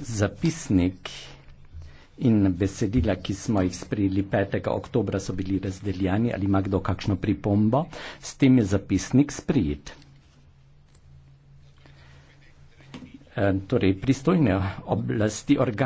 zapisnik in besedila, ki smo jih sprejeli 5. oktobra, so bili razdeljeni ali ima kdo kakšno pripombo, s tem je zapisnik sprijet. E, torej, pristojne oblasti organizacije.